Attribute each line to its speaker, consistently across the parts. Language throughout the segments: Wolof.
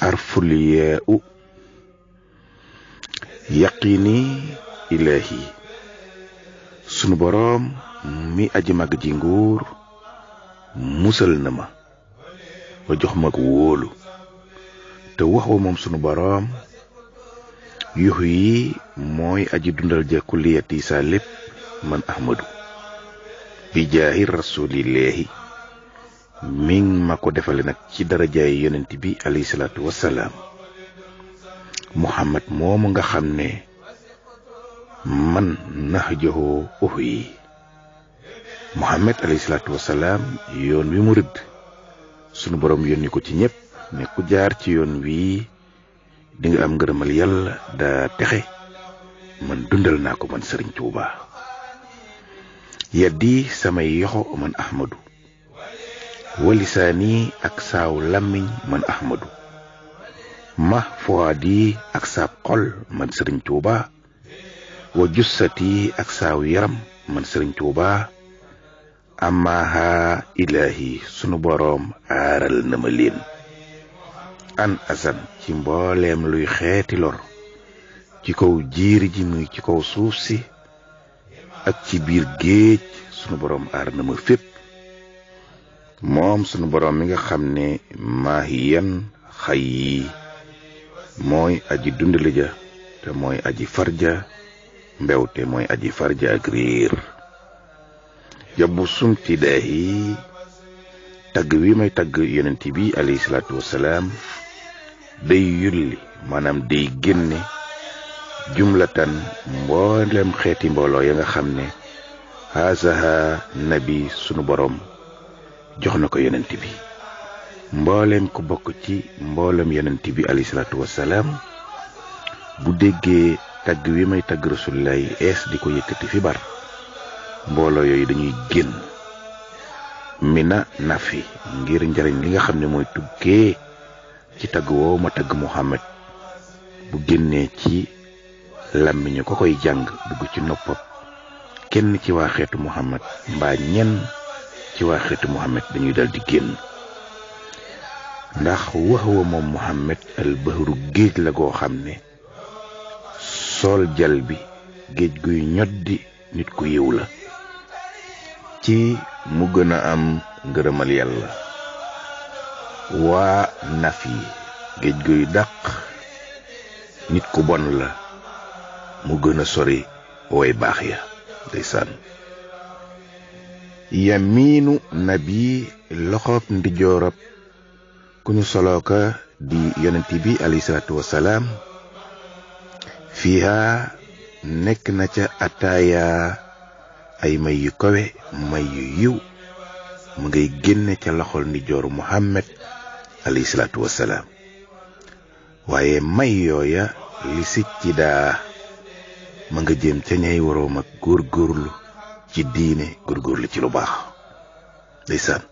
Speaker 1: arful yee u yaqini ilaahi sunu boroom mi aji mag ji nguur musal na ma ba jox mag wóolu te waxu moom sunu boroom yuxu yi mooy aji dundal ja kulliyati saa lépp man ahmadu bi jaahi rasuulillaahi mi ngi ma ko defale nag ci darajaay yonent bi alayhi salaatu wasalaam muhammad moomu nga xam ne man na uhyi muhammad alayhi salaatu wasalaam yoon wi mu rëdd sunu boroom yónni ko ci ñépp ne jaar ci yoon wii di am ngërëmal yàlla daa texe man dundal naa ko man sëriñ Tuuba yaddi samay yoxo man ahmadu walisaani ak saaw làmmiñ man ahmadu ma fuwaad yi ak saab xol man sëriñ tuuba wa jussat ak saaw yaram man sëriñ tuuba amaha ilaahi sunu boroom aaral na ma leen an asan ci mbooleem luy xeeti lor ci kaw jiir ji muy ci kaw suuf si ak ci biir géej sunu boroom aar na ma fépp moom sunu boroom mi nga xam ne maahiyan xay yi mooy aji dundali ja te mooy aji farja mbew te mooy aji farja ak riir yobbu sumti dee yi tagg wi may tagg yonent bi alayhi salaatu wassalaam day yulli maanaam day génne jumlatan mboolem xeeti mbooloo ya nga xam ne haasaha nabi sunu boroom jox na ko yonent bi mbooleem ko bokk ci mboolem yonent bi alayhi bu déggee tagg wi may tagg rasulilaay ees di ko yëkkati fi bar mbooloo yooyu dañuy génn mina nafi ngir njariñ li nga xam ne mooy tukkee ci tagg woowu ma tagg Muhammad bu génnee ci làmmiñu ko koy jàng dugg ci noppam kenn ci waa xeetu Muhammad mbaa ñenn ci waa xeetu Muhammad dañuy dal di génn ndax wax wa moom Muhammad al bahru géej la goo xam ne sol jal bi géej guy ñoddi nit ku yiw la ci mu gën a am ngërëmal yàlla waa naf yi géej guy dàq nit ku bon la mu gën a sori way baax ya ndeysaan yamiinu nabi loxoob ndijoorab ku ñu solooka di yonent bi alayhi salaatu nekk na ca ataaya ay may yu kawe may yu yiw mu ngay génne ca loxol ndijooru muhammad alayhi waaye may yooya li sicc ma nga jëm ca ñay waroom ak góorgóorlu ci diine góor góorgóorlu ci lu baax ndeysaan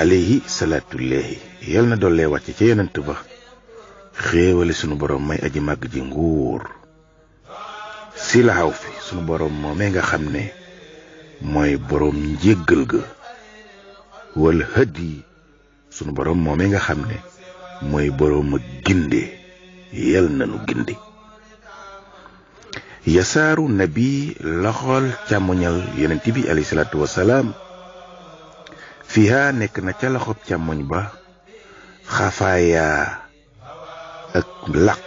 Speaker 1: alayhi salaatullahi yal na dollee wàcc ca yonent ba xéewale sunu boroom may aji màgg ji nguur si laxaw fi sunu boroom moomee nga xam ne mooy boroom njéggal ga wala hëdd yi nga xam ne mooy boroom a ginde yal na nu yasaaru nabi loxol càmmoñal yonent bi alayhi salaatu wasalaam fiha nekk na ca loxob càmmoñ ba xafaaya ak laq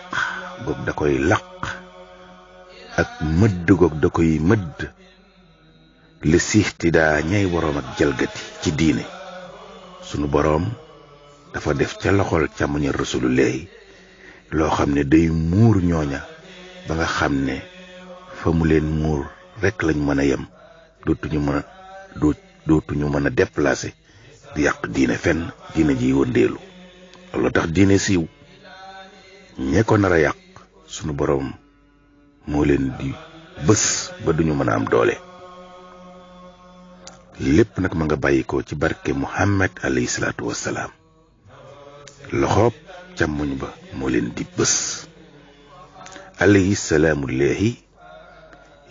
Speaker 1: goog da koy laq ak mëdd goog da koy mëdd li siixtidaa ñay boroom ak jalgati ci diine sunu boroom dafa def ca loxol càmmoñal rasulullahi loo xam ne day muur ñooña ba nga xam ne fa mu leen muur rekk lañ mën a yem dootuñu mën a dootuñu mën a déplacer di yàq diine fenn diine ji wëndeelu loolu tax diine siiw ñee ko nar a yàq sunu boroom moo leen di bés ba duñu mën a am doole lépp nag ma nga bàyyi ko ci barke Muhammad alayhi salaatu wassalaam loxoob càmmoñ ba moo leen di bés alayhi salaamullahi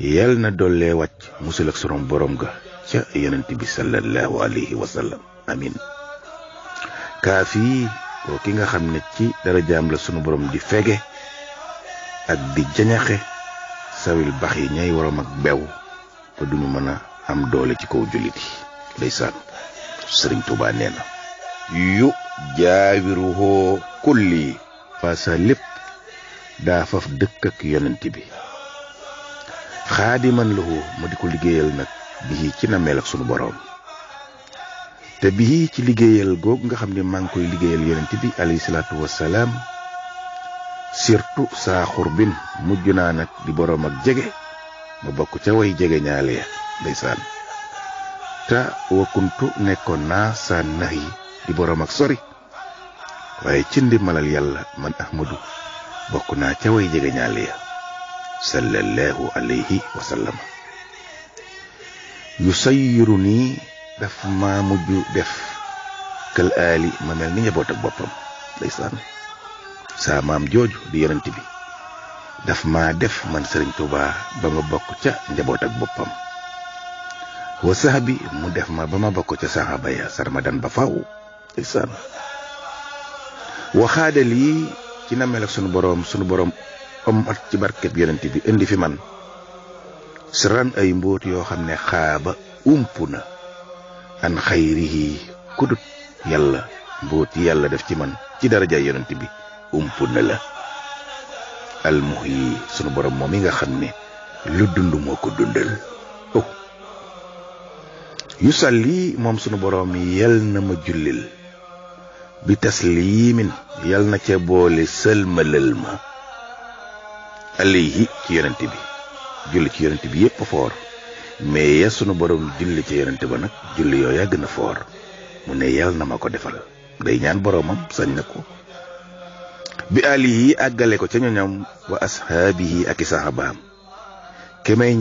Speaker 1: yal na dollee wàcc musul ak surom borom ga ca yonent bi sallallahu alayhi wa amin kaafi koo ki nga xam ne ci dara jaam la sunu borom di fege ak di jañaxe sawil bax yi ñay waroom ak bew ba duñu mën a am doole ci kaw jullit yi ndeysaan sëriñ Tuubaa nee na yu jaawiruhoo kulli fa sa lépp daa faf dëkk ak yonent bi xaadiman lahu mu di ko liggéeyal nag bii ci nameel ak sunu boroom te bii ci liggéeyal googu nga xam ne maa ngi koy liggéeyal yonent bi alayhi salaatu wassalaam surtout saa xurbin mujj naa nag di boroom ak jege ma bokk ca way jege ñaale ya ndeysaan te wakkuntu nekkoon naa saa nax di boroom ak sori waaye ci ndimalal yàlla man ahmadu bokk naa ca way jege ñaale ya sallallahu alayhi wa sallam yu sayyiru nii daf maa mujj def kël aali ma mel ni njaboot ak boppam ndeysaan saa maam jooju di yonent bi daf ma def man sëriñ Tuubaa ba ma bokk ca njaboot ak boppam wa sax bi mu def ma ba ma bokk ca saxaaba ya sarmadan ba faw ndeysaan waxaadal yi ci na mel ak sunu boroom sunu boroom omat ci barkeb yonent bi indi fi man sirran ay mbóot yoo xam ne xaaba ump na an xayrihi kudut yàlla mbóot yi yàlla def ci man ci darajaay yonent bi ump na la almuh yi sunu borom moom yi nga xam ne lu dund moo ko dundal oh yu salli moom sunu borom yal na ma jullil bi tasliimin yal na ca boole sëlmalal ma alayhi ci yonent bi julli ci yonent bi yépp foor mais ya sunu borom julli ci yonent ba nag julli yooya gën na foor mu ne yàlla na ma ko defal day ñaan boromam sañ na ko bi alihi àggale ko ca ñoñam wa ashaabihi ak i saxaabaam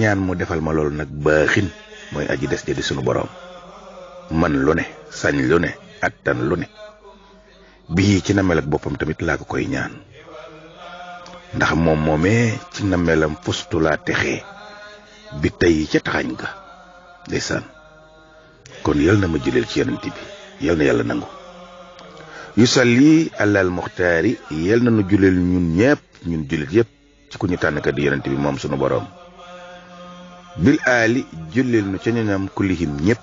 Speaker 1: ñaan mu defal ma loolu nag baaxin mooy aji des ja sunu borom mën lu ne sañ lu ne attan lu ne bii ci na mel boppam tamit laa ko koy ñaan ndax moom moomee ci nammeelam laa texe bi tey ca taxañ ga ndeysaan kon yal na ma jëleel ci yonent bi yàlla na yàlla nangu yu salli alal muxtaari yal na nu juleel ñun ñëpp ñun jullit yëpp ci ku ñu tànnkat di yonent bi moom sunu boroom bil aali juleel nu ca ñoñam kulihim ñëpp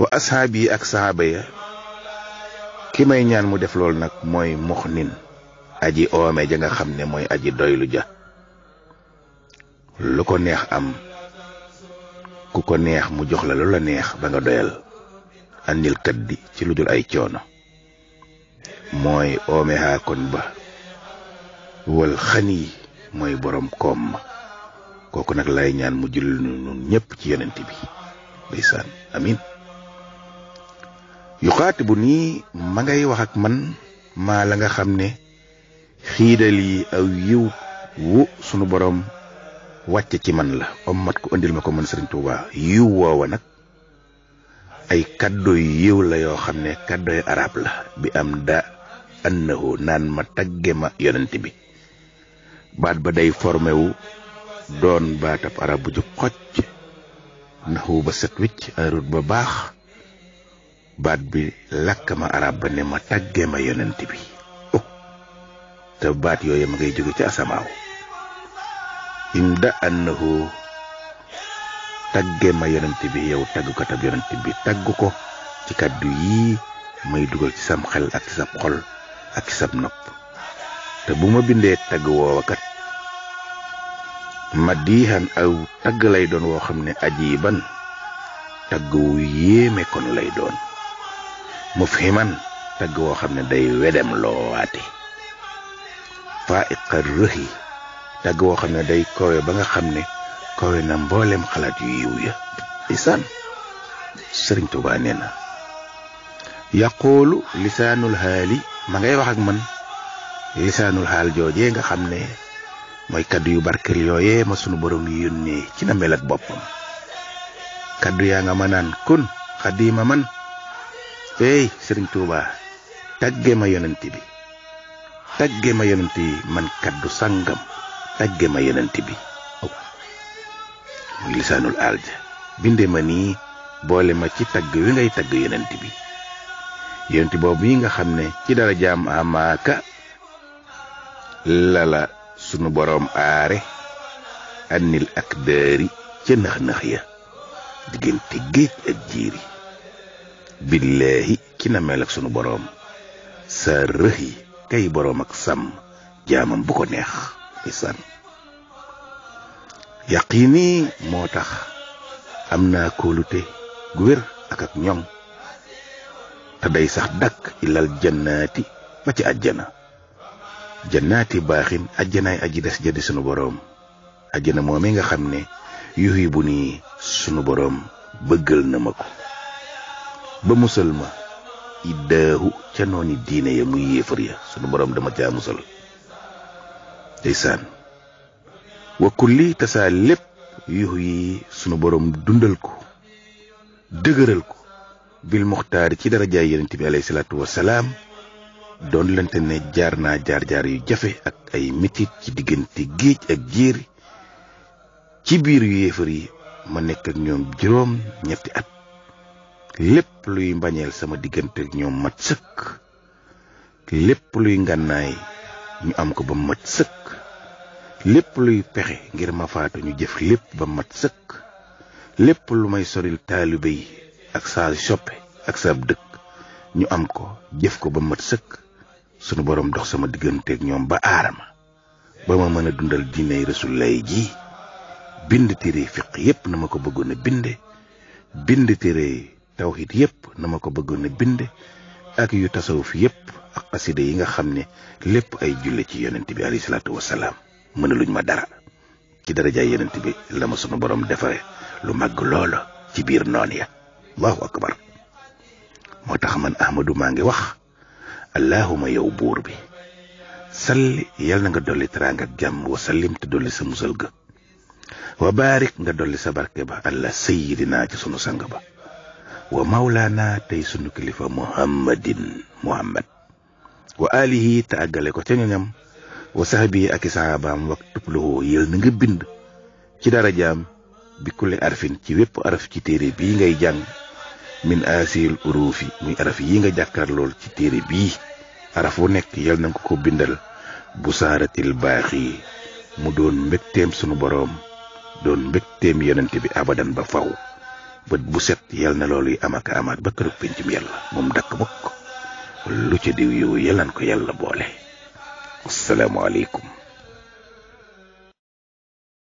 Speaker 1: wa asxaab yi ak saxaaba ya ki may ñaan mu def loolu nag mooy moxnin aji oome ja nga xam ne mooy aji doylu ja lu ko neex am ku ko neex mu jox la lu la neex ba nga doyal andil kat di ci lu dul ay coono mooy oome ba wal xani mooy boroom koom ma kooku nag lay ñaan mu julli nun ñépp ci yenent bi ndeysaan amin yuxaati bu nii ma ngay wax ak man maa la nga xam ne xiidal yi aw yiw wu sunu boroom wàcce ci man la ommat ko indil ma ko man sëriñ yiw woowa nag ay kaddu yu yiw la yoo xam ne kaddoy arab la bi am da annahu naan ma tagge ma yonent bi baat ba day formé wu doon baatab arab bu jub xocc naxu ba set wicc arut ba baax baat bi lakk ma arab ba ne ma tagge ma yonent bi te baat yooyu ma ngay jóge ci asamaaw imda annahu tagge ma yonent bi yow taggukatab yonent bi tagg ko ci kàddu yii may dugal ci sam xel ak xol ak ci sab bu ma bindee tagg woowakat ma diixan aw tagg lay doon woo xam ne aji ban tagg wu lay doon mu fi man tagg woo xam ne day wedem loowaate faiqar rëhi dagg woo xam ne day kowe ba nga xam ne kowe na mbooleem xalaat yu yiw ya lisaan sëriñ Tuubaa nee na yaquulu lisaanul xaali ma ngay wax ak man lisaanul xaal joojee nga xam ne mooy kaddu yu barkeel yooyee ma sunu borom yu yónnee ci na mel ak boppam kàddu yaa nga ma naan kun ma man ey sëriñ Tuubaa tagge ma yonent bi tagge ma yonent yi man kaddu sàngam tagge ma yonent bi muy lisaanul alja binde ma nii boole ma ci tagg wi ngay tagg yonent bi yonent boobu yi nga xam ne ci dara jaam amaaka lala sunu boroom aare annil ak dëri ca nax nax ya diggante géej ak jiiri billaahi ki na ak sunu boroom sa rëx yi tey boroom ak sàmm jaamam bu ko neex isaan yaqini moo tax am naa kóolute gu wér ak ak ñoom te day sax dakk ilal jannaati ba ci àjjana jannaati baaxin àjjanaay aji des ja di sunu boroom àjjana moom mi nga xam ne yuhi bu nii sunu boroom bëggal na ma ko ba musal ma iddaahu ca nooni diine ya muy yéefar ya sunu borom dama caa musal ndeysaan wa kulli tasaa lépp yuux yi sunu boroom dundal ko dëgëral ko bil muxtaari ci darajaay yonent bi alayhi salaatu wasalaam doon lante ne jaar naa jaar-jaar yu jafe ak ay metit ci diggante géej ak jéeri ci biir yu yéefar yi ma nekk ak ñoom juróom ñetti at lépp luy mbañeel sama diggante ñoom mat sëkk lépp luy ngànnaay ñu am ko ba mat sëkk lépp luy pexe ngir ma faatu ñu jëf lépp ba mat sëkk lépp lu may soril taalibe yi ak saa soppe ak saab dëkk ñu am ko jëf ko ba mat sëkk sunu boroom dox sama digganteeg ñoom ba aarama ba ma mën a dundal diiney Rasulullah ji bind téere fiq yépp na ma ko bëggoon a binde bind téere tawxit yëpp na ma ko bëggoon a bind ak yu tasawuf yëpp ak xasida yi nga xam ne lépp ay julle ci yonent bi alayhi salaatu wasalaam mënaluñ ma dara ci darajaay yonent bi la ma sunu borom defare lu màgg loola ci biir noon ya allahu akbar moo tax man ahmadu maa ngi wax allahuma yow buur bi salli yal na nga dolli teraanga ak jàmm wa sallim te dolli sa musal ga wa baarik nga dolli sa barke ba allah sayyidina ci sunu sang ba wa mawlaana tey sunu kilifa muhammadin muhammad wa alihi te àggale ko ca ñoñam wa saxabi ak i saxaabaam wax tubluhu yël na nga bind ci darajaam bi kulli arfin ci wépp araf ci téere bii ngay jàng min asil urufi muy araf yi nga jàkkaar lool ci téere bii araf wu nekk yal na nga ko bindal bu saaratil baax yi mu doon mbégteem sunu boroom doon mbégteem yonent bi abadan ba faw bët bu set yal na loolu yi amaka amaat ba kër péncum yàlla moom dakk mukk lu ca diw yow yelan ko yàlla boole aleykum